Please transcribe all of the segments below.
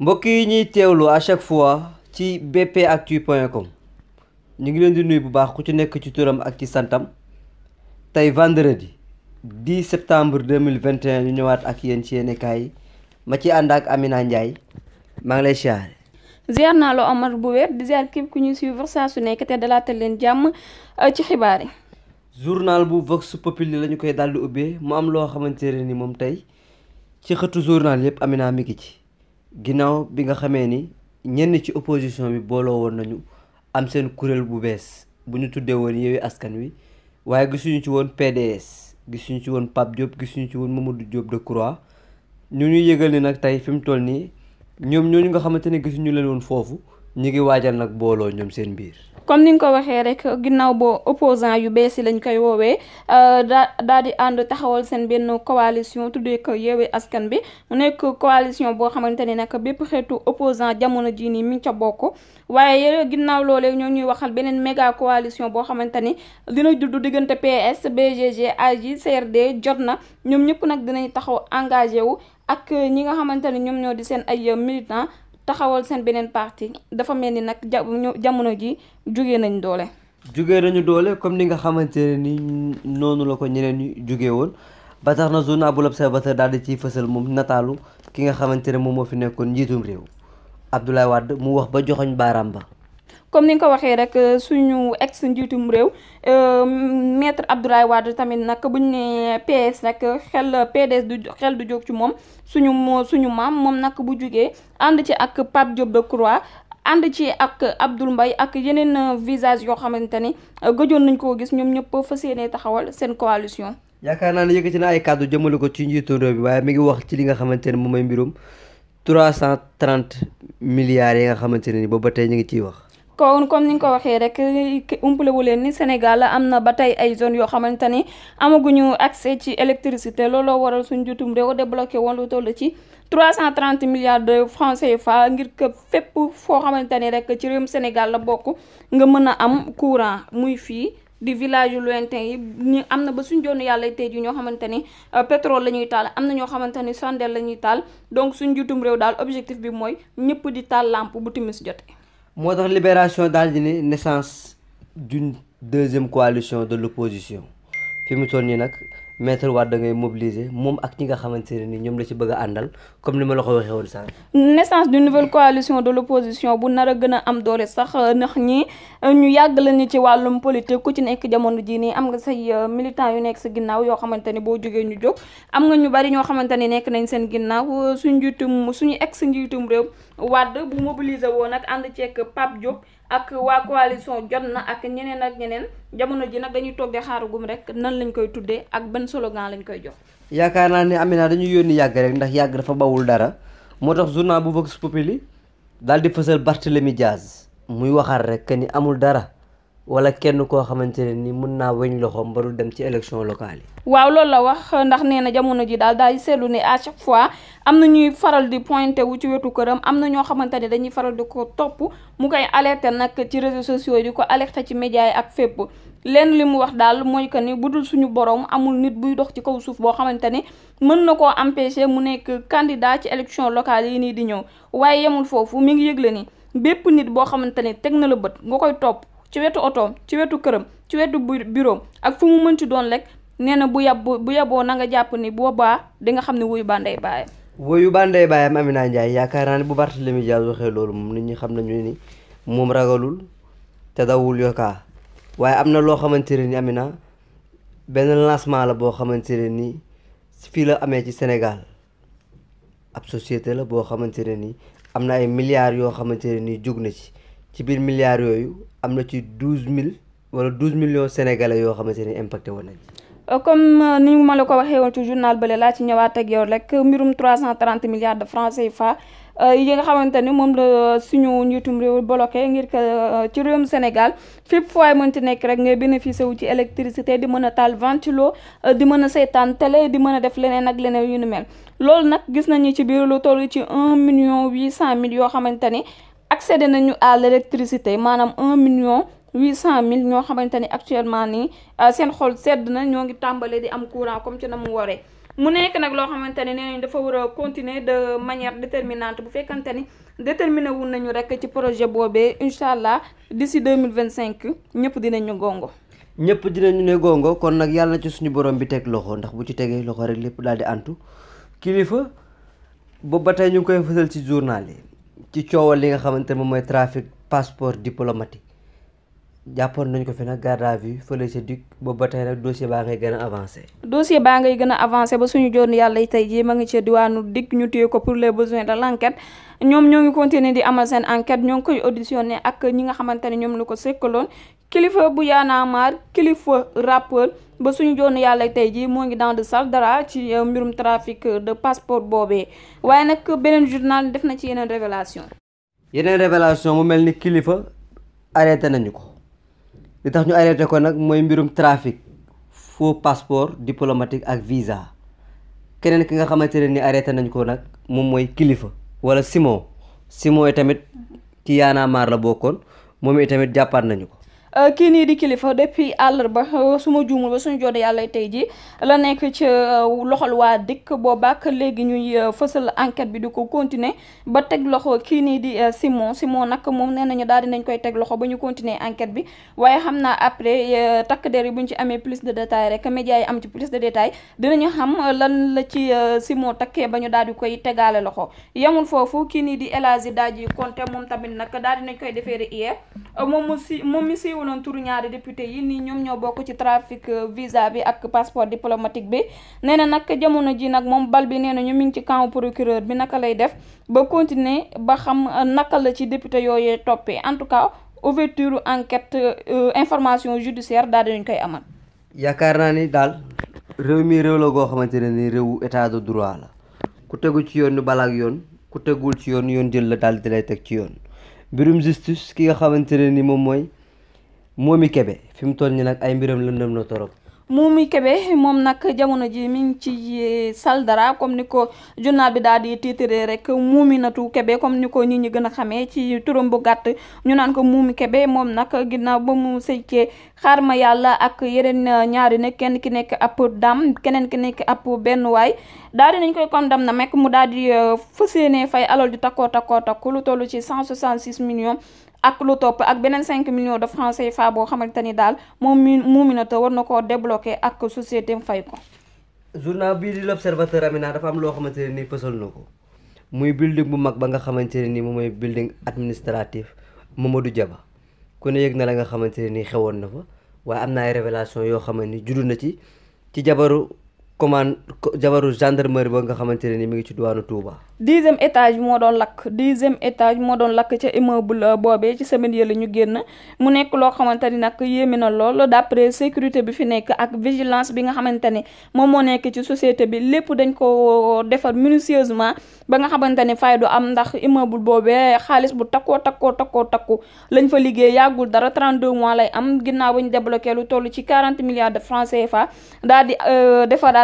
mbokk yi ñuy teewlu à chaque fois ci point bpactu.com ñu ngi leen di nuyu bu baax ku ci nekk ci turam ak ci santam tey vendredi di septembre 2021 ñu ñëwaat ak yéen ci yéenekaay ma ci ànd ak Amina Ndiaye maa ngi lay siyaare ziar naa la Omar bu weer di ziar képp ku ñuy suivre saa su nekk te dalaatal leen jàmm euh, ci xibaar yi. journal bu Vox Populi la ñu koy daldi ubbee mu am loo xamante ne ni moom tey ci xëtu journal yëpp Amina mi ngi ci. ginnaaw bi nga xamee ni ñenn ci opposition bi booloo woon nañu am seen kuréel bu bees bu ñu tuddee woon Yewwi Askan Wi waaye gisuñu ci woon PDS gisuñu ci woon Pape Diop gisuñu ci woon Mamadou de Decroix ñu ñuy yëgal ni nag tey fi mu toll nii ñoom ñooñu nga xamante ne gisuñu leen woon foofu ñi ngi waajal nag booloo ñoom seen biir. kon ni nga ko waxee rek ginnaaw boo opposant yu bees yi lañ koy woowee euh, da daal di ànd taxawal seen benn coalition tuddee ko yeewee askan bi mu nekk coalition boo xamante ne nag bépp xeetu opposant jamono jii nii mi ngi ca bokk waaye ginnaaw loolee ñoo ñuy waxal beneen méga coalition boo xamante ni dina juddu diggante PS BGG AJ CRD jot na ñoom ñëpp nag dinañ taxaw engagé wu ak ñi nga xamante ni ñoom ñoo di seen ay militants. taxawal seen beneen parti dafa mel ni nag jamono ji jóge nañ doole. jóge nañu doole comme ni nga xamante ne ni noonu la ko ñeneen ñu jóge woon ba tax na journal bu l'Observateur daal di ciy fësal moom nataalu ki nga xamante ne moom moo fi nekkoon njiitum réew Abdoulaye Wade mu wax ba joxoñ baaraam ba. comme ni nga ko waxee rek suñu ex njiitum réew euh, metre Abdoulaye Wade tamit nag buñ ne nee PS nag xel PDS du xel du jóg ci moom suñu suñu maam moom nag bu jógee ànd ci ak Pape Diop Decroix ànd ci ak Abdoul mbay ak yeneen visage yoo xamante ni gëjoon nañ koo gis ñoom ñëpp fas yéene taxawal seen coalition. yaakaar naa ne yëkkati na ay kàddu jëmale ko ci njiitu réew bi waaye mi ngi wax ci li nga xamante ne moom mooy cent 330 milliards yi nga xamante ne ni ba ba tey ñu ngi ciy wax. kon comme ni nga ko waxee rek umpale wu leen ni Sénégal am na ba tey ay zone yoo xamante ni amaguñu accès ci électricité looloo waral suñ jutum réew débloqué woon lu toll ci 330 milliards de francs CFA ngir que fépp foo xamante ni rek ci réewum Sénégal la bokk nga mën a am courant muy fii. di village yu lointain yi ñu am na ba suñ joonu yàlla tey ji ñoo xamante ni euh, pétrole la ñuy taal am na ñoo xamante ni sondeel la ñuy taal donc suñ jutum réew daal objectif bi mooy ñëpp di taal lampe bu timis moo tax libération daal di ne naissance d'une deuxième coalition de l'opposition fi mu toll nii nag maître Wade da ngay mobiliser moom ak ñi nga xamante ne ni ñoom la ci bëgg àndal comme li ma la ko waxee woon sànq. naissance d'une nouvelle coalition de l'opposition bu nar a gën a am doole sax ndax ñi ñu yàgg lañu ci wàllum politique ku ci nekk jamono jii nii am nga say euh, militant yu nekk si ginnaaw yoo xamante ni boo jógee ñu jóg am nga ñu bari ñoo xamante ni nekk nañ seen ginnaaw euh, suñu njiitum suñu ex njiitum réew Wade bu mobiliser woon ak ànd ceeg Pape Diop. ak waa coalition jot na ak ñeneen ak ñeneen jamono ji nag dañuy toog di xaaragum rek nan lañ koy tuddee ak ban slogan lañ koy jox. yaakaar naa ne Amina dañuy yónni yàgg rek ndax yàgg dafa bawul dara moo tax journal bu Vox Populi daal di fësal Barthélemy Diaz muy waxaat rek que ni amul dara wala kenn koo xamante ne ni mun naa weñ loxoom ba dem ci élection locale yi. waaw loolu la wax ndax nee na jamono ji daal daal di seetlu ne à chaque fois am na ñuy faral di pointé wu ci wetu këram am na ñoo xamante ne dañuy faral di ko topp mu koy alerté nag ci réseaux sociaux yi ko alerté ci médias yi ak fépp. leen li mu wax daal mooy que ni bu dul suñu borom amul nit buy dox ci kaw suuf boo xamante ni mën na koo empêcher mu nekk candidat ci élection locale yi nii di ñëw waaye yemul foofu mi ngi yëgle ni bépp nit boo xamante ni teg na la bët nga koy topp. ci wetu otoom ci wetu këram ci wetu bureau ak fu mu mënti doon lekk nee na bu yab bu yaboo na nga jàpp ni boobaa di xam ne wuyu bànday baayam wuyu bànday baayam Amina Ndiaye yaakaar naa ne bu Barthélémy Dias waxee loolu moom nit ñu xam nañu ni moom ragalul te dawul yokkaa waaye am na loo xamante ne ni Amina benn lancement la boo xamante ne ni fii la amee ci Sénégal ab société la boo xamante ne ni am na ay milliards yoo xamante ne ni jóg na ci ci biir milliards yooyu am na ci douze mille wala douze millions sénégalais yoo xamante ni impacté woon nañ. Euh, comme euh, ni ma la ko waxee woon ci journal bële laa ci ñëwaat ak yow rek mbirum trois cent de francs euh, yi nga xamante ni moom la suñu njiitum réew bloqué ngir que ci réewum Sénégal fépp fu waay ci nekk rek ngay bénéficié wu ci électricité di mën a taal ventilo di mën a seetaan télé di mën a def leneen ak leneen yu nu mel loolu nag gis nañu ci biir lu toll ci un million huit cent mille yoo xamante ni. accéder nañu à l' électricité maanaam un million huit cent mille ñoo xamante ni nii euh, seen xol sedd na ñoo ngi tàmbalee di am courant comme ci na mu waree mu nekk nag loo xamante ne nee nañ dafa war a continuer de manière déterminante bu fekkante ni déterminé wu nañu rek ci projet boobee incha allah si deux mille vingt cinq ñëpp dinañu ngongo ñëpp dinañu ne gongo kon nag yàlla na ci suñu borom bi teg loxo ndax bu ci tegee loxo rek lépp daal di antu kilifa boobu ba tey ñu ngi koy ci journal yi. ci coowal li nga xamante ne moom mooy trafic passeport diplomatique jàppoon nañ ko fi nag garde à vue fële sa dikk boobu ba tey nag dossier baa ngay gën a avancé dossier baa ngay gën a avancé ba suñu joon yàlla tey jii ma ngi ci diwaanu dikk ñu téye ko pour les besoins de l'enquête ñoom ñoo ngi continuer di amal seen enquête ñoo ngi koy auditionné ak ñi nga xamante ne ñoom la ko sekkaloon kilifa bu yaanaamaar kilifa rappeur ba suñu joonu yàlla tey jii moo ngi dans de sale dara ci euh, mbirum trafic de passeport boobee waaye nag beneen journal def na ci yeneen révélation yeneen révélation mu mel ni kilifa arrêté nañu ko li tax ñu arrêté ko nag mooy mbirum trafic faux diplomatique ak visa keneen ki nga xamante ne ni arrêté nañ ko nag moom mooy kilifa wala Simon Simon yi tamit ci yaanaa maar la bokkoon moom itamit jàppaat nañu ko Euh, kii nii di kilifa depuis àllarba euh, su ma juumul ba suñu joone yàlla tey ji la nekk ci euh, loxol waa dikk boobaak léegi ñuy fësal enquête bi di ko continuer ba teg loxo kii nii di Simon Simon nag moom nee nañu daal di nañ koy teg loxo ba ñu continuer enquête bi waaye xam naa après takk der yi bu ñu ci amee plus de détails rek médias yi am ci plus de détails dinañu xam lan la ci Simon takkee ba ñu daal di koy tegaale loxo yemul foofu kii nii di El Hadji Dadji Konté tamit nag daal di koy defeere hier wonoon turu ñaari député yi nii ñoom ñoo bokk ci trafic euh, visa bi ak passeport diplomatique bi nee na nag jamono ji nag moom bal bi nee na mi ngi ci camp procureur bi naka lay def ba continuer ba xam euh, naka la ci député yooyee toppee en tout cas ouverture enquête euh, information judiciaire daal dinañ koy amal. yaakaar naa ni daal réew mi réew la goo xamante ne ni réewu état de droit la ku tegu ci yoon nu balaak yoon ku tegul ci yoon yoon jël la daal di lay teg ci yoon ki nga xamante moom mooy. Momy Kébé fi mu toll ni nag ay mbiram lëndëm na torop Momy kebe moom nag jamono ji mi ngi ci eh, sal dara comme ni ko journal bi daal di titre rek natu Kébé comme ni ko ñii ñi gën a xamee ci turam bu gàtt ñu naan ko Momy kebe moom nag ginnaaw ba mu sëykee xaar ma yàlla ak yereen eh, ñaari ne kenn ki nekk ab damm keneen ki nekk ab benn waay daal di nañ koy condamné nag mu daal di eh, fas yéene fay alal ju takkoo takkoo takku lu toll ci 166 millions. ak lu topp ak beneen 5 millions de francs CFA boo xamante ni daal moom mi Mouminato war na koo débloqué ak société fay ko. journal bii di l'observateur Amina dafa am loo xamante ne nii fësal na ko muy building bu mag ba nga xamante ne nii moom mooy building administratif Mamadou Diaba ku ne yëg na la nga xamante ne nii xewoon na fa waaye am na ay révélation yoo xam ni juddu na ci ci jabaru. commande jabaru gendarmerie ba nga xamante ne ni mu ngi ci diwaanu Touba. dixième étage moo doon lakk dixième étage moo doon lakk ca immeuble boobee ci semaine yële ñu génn mu nekk loo xamante ni nag yéeme na lool d'après sécurité bi fi nekk ak vigilance bi nga xamante ne moom moo nekk ci société bi lépp dañ ko defar minutieusement ba nga xamante ne fay du am ndax immeuble boobee xaalis bu takkoo takkoo takkoo takku lañ fa liggéey yàggul dara trent 32 mois lay am ginnaaw ba ñu débloqué lu toll ci 40 milliards de francs CFA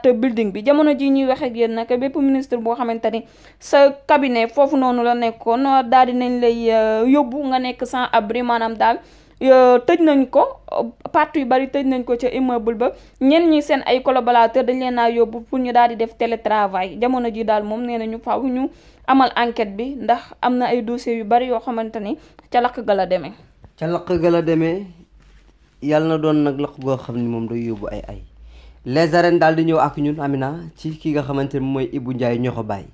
defaraat building bi jamono ji ñuy wax ak yéen nag bépp ministre boo xamante ni sa cabinet foofu noonu la nekkoon daal di nañ lay euh, yóbbu nga nekk sans abri maanaam daal euh, tëj nañ ko parti yu bari tëj nañ ko ca immeuble ba ñenn ñi seen ay collaborateur dañ leen naa yóbbu pour ñu daal di def télétravail jamono ji daal moom nee ñu faaw ñu amal enquête bi ndax am na ay dossiers yu bari yoo xamante ni ca lakk ga la demee. ca lakk ga la demee yàlla na doon nag lakk goo xam ni moom day yóbbu ay les arènes di ñëw ak ñun Amina ci ki nga xamante ne mooy Ibou Ndiaye ñoxo bàyyi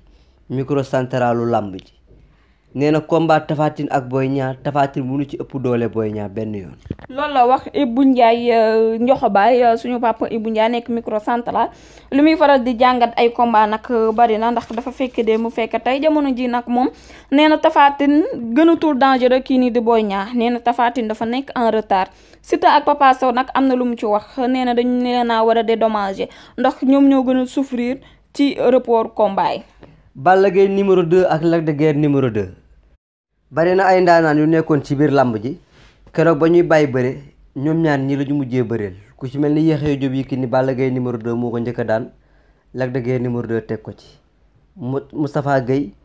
micro centralu làmb ji nee na combat Tapha Tine ak Boy Niang Tapha Tine munu ci ëpp doole Boy ñaar benn yoon. loolu la wax Ibou Ndiaye euh, Ndioxobaay euh, suñu papa Ibou Ndiaye nekk micro microcentral lu muy faral di jàngat ay combat nag euh, bari na ndax dafa fekk de mu fekk tey jamono ji nag moom nee na Tapha Tine gënatul dangereux kii nii di Boy Niang nee na Tapha dafa nekk en retard Siteu ak Papa nag am na lu mu ci wax nee na dañu nee naa war a dédommager ndax ñoom ñoo gën a souffrir ci report combat Balla Gaye numéro 2 ak Lac de Guiers numéro 2 bari na ay ndaanaan yu nekkoon ci biir làmb ji keroog ba ñuy bàyyi bëre ñoom ñaar ñi la ñu mujjee bëreel ku ci mel ni jub Diop ni Balla Gaye numéro 2 moo ko njëkk a daan Lac de Guiers numéro teg ko ci mustafaa Gueye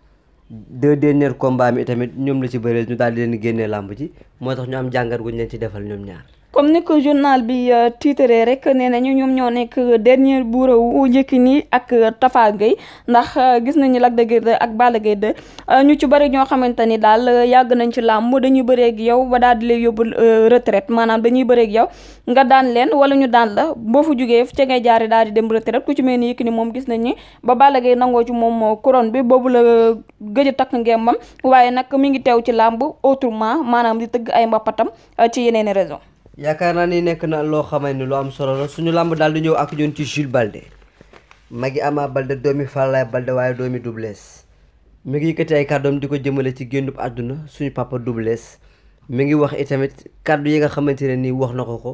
deux derniers combats mi tamit ñoom la ci bëreel ñu daal di leen génnee làmb ji moo tax ñu am jàngar guñ leen ci defal ñoom ñaar comme ni ko journal bi euh, tiitaree rek nee nañu ñoom ñoo nekk dernier bureau wu nii ak euh, Tapha Gueye ndax euh, gis nañu Lac de ak Balla Gaye 2 ñu ci bari ñoo xamante ni daal yàgg nañ ci làmb dañuy bëreeg yow ba daal di lay yóbbu retraite maanaam dañuy bëreeg yow nga daan leen wala ñu daan la boo fu jógee ca ngay jaari daal di dem retraite ku ci mel ni Yékini moom gis nañ ba Balla Gaye nangoo ci moom couronne bi boobu la gëj takk ngembam waaye nag mi ngi teew ci làmb autrement maanaam di tëgg ay mbapatam ci yeneen raison yaakaar naa ni nekk na loo xamante ni lu am solo la suñu làmb daal di ñëw ak ñun ci Jules Balde magi Ama Balde doomi Falaye Balde waaye doomi Double Less mi ngi yëkkati ay kàddoom di ko jëmale ci génnub àdduna suñu papa dublees Less mi ngi wax itamit kàddu yi nga xamante ne nii wax na ko ko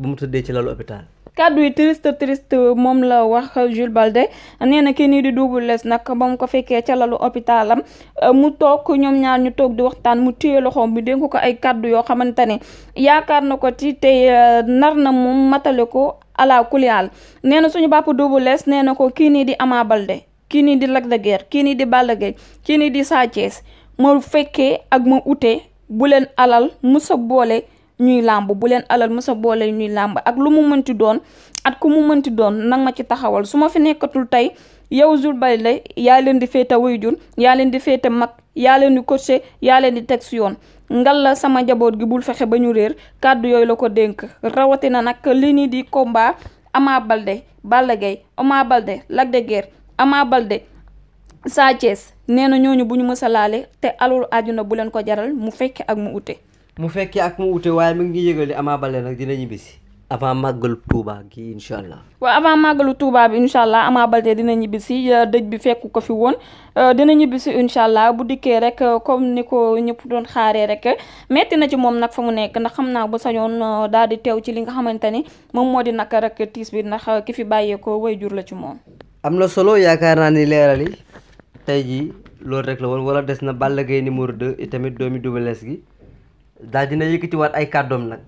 bu mu tëddee ci lalu hôpital kàddu yi triste triste moom la wax Jules Balde nee na kii nii di Double Less nag ba mu ko fekkee ca lalu hôpitalam euh, mu toog ñoom ñaar ñu toog di waxtaan mu téye loxoom bi dénk ko ay kàddu yoo xamante ne yaakaar na ko ci tey euh, nar na moom matale ko ala kulial nee na suñu bàpp Double Less nee na ko kii nii di Ama Balde kii nii di Lac de Guiers kii nii di Balla Gaye kii nii di Sa Thiès ma fekkee ak ma utee bu leen alal musa boole ñuy làmb bu leen alal mësa boole ñuy làmb ak lu mu mënti doon ak ku mu mënti doon nag ma ci taxawal su ma fi nekkatul tey yow Zul Bali la yaa leen di féete waajur yaa leen di féete mag yaa leen di coaché yaa leen di teg si yoon ngal la sama njaboot gi bul fexe ba ñu réer kàddu yooyu la ko dénk rawatina nag li nii di combat Ama Baldé Balla Gaye Ama Baldé Lac de Guiers Ama Baldé Sa nee na ñooñu bu ñu mës a laale te alul àjjuna bu leen ko jaral mu fekke ak mu ute mu fekkee ak mu ute waaye mu ngi yëgal di Ama Baldé nag dina ñibbisi avant màggalu Touba gi incha allah. waa avant màggalu Touba bi incha allah Ama Baldé dina ñibbisi euh, dëj bi fekku ko fi woon euh, dina ñibbisi incha allah bu dikkee rek euh, comme ni ko ñëpp doon xaaree rek metti na ci moom nag fa mu nekk ndax xam naa ba sañoon daal di teew ci li nga xamante ni moom moo di nag rek tiis bi ndax ki fi bàyyeekoo way jur la ci moom. am na solo yaakaar naa ni leeral yi tey jii loolu rek la woon wala des na Balla Gaye numéro 2 doomi Double Less gi. daal dina yëkkatiwaat ay kàddoom nag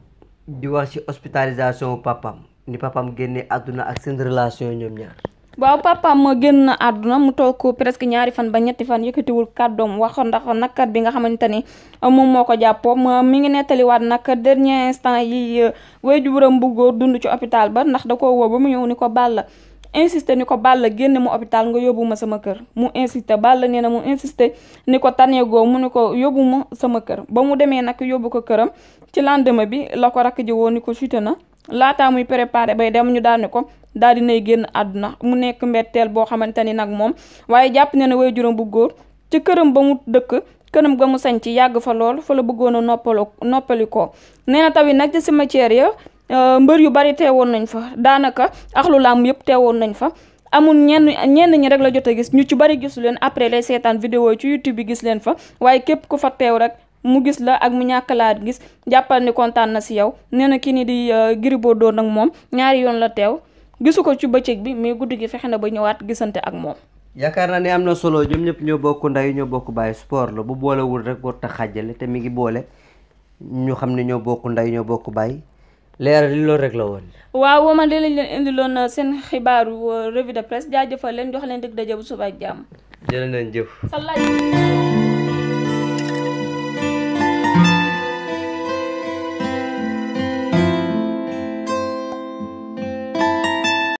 di wax ci hospitalisation papam ni papam génnee àdduna ak seen relation ñoom ñaar. waaw papaam ma génn àdduna mu toog presque ñaari fan ba ñetti fan yëkkatiwul kàddoom wax ndax nakkat bi nga xamante ni uh, moom moo ko jàppoo uh, mi ngi nettaliwaat nag dernier instant yi uh, waajuram bu góor dund ci hôpital ba ndax da ko woo ba mu ñëw ni ko bàll insisté ni ko Balla génne mu hôpital nga yóbbu ma sama kër mu insisté Balla nee na mu insisté ni ko taneegoo mu ni ko yóbbu ma sama kër ba mu demee nag yóbbu ko këram ci lendemain bi la ko rakk ji woo ni ko chuté na laataa muy préparé bay dem ñu daal ni ko daal dinay génn àdduna mu nekk mbetteel boo xamante ni nag moom waaye jàpp ne ne way juróom bu góor ci këram ba mu dëkk këram ga mu sañ ci yàgg fa lool fa la bëggoon a noppaloo noppali ko nee na taw nag ci cimetière Euh, mbër yu bari teewoon nañ fa daanaka axlu làmb yëpp teewoon nañ fa amul ñenn ñenn ñi rek la jot a gis ñu ci bari gisu leen après lay seetaan vidéo yi ci YouTube bi gis leen fa waaye képp ku fa teew rek mu gis la ak mu ñàkk laa gis jàppal ni kontaan na si yow nee na kii ni di euh, Gris Bordeaux nag moom ñaari yoon la teew gisu ko ci bëccëg bi mais guddi gi fexe na ba ñëwaat gisante ak moom. yaakaar naa ne am na solo ñoom ñëpp ñoo bokk nday ñoo bokk bàyyi sport la bu boolewul rek warut a xàjjale te mi ngi boole ñu xam ne ñoo bokk nday ñoo bokk bàyyi. leeral li loolu rek la woon. waaw man de lañ leen indiloon seen xibaaru euh, revue de presse jaajëfal leen jox leen dëgg daja bu suba ak jàmm. jërë ngeen jëf.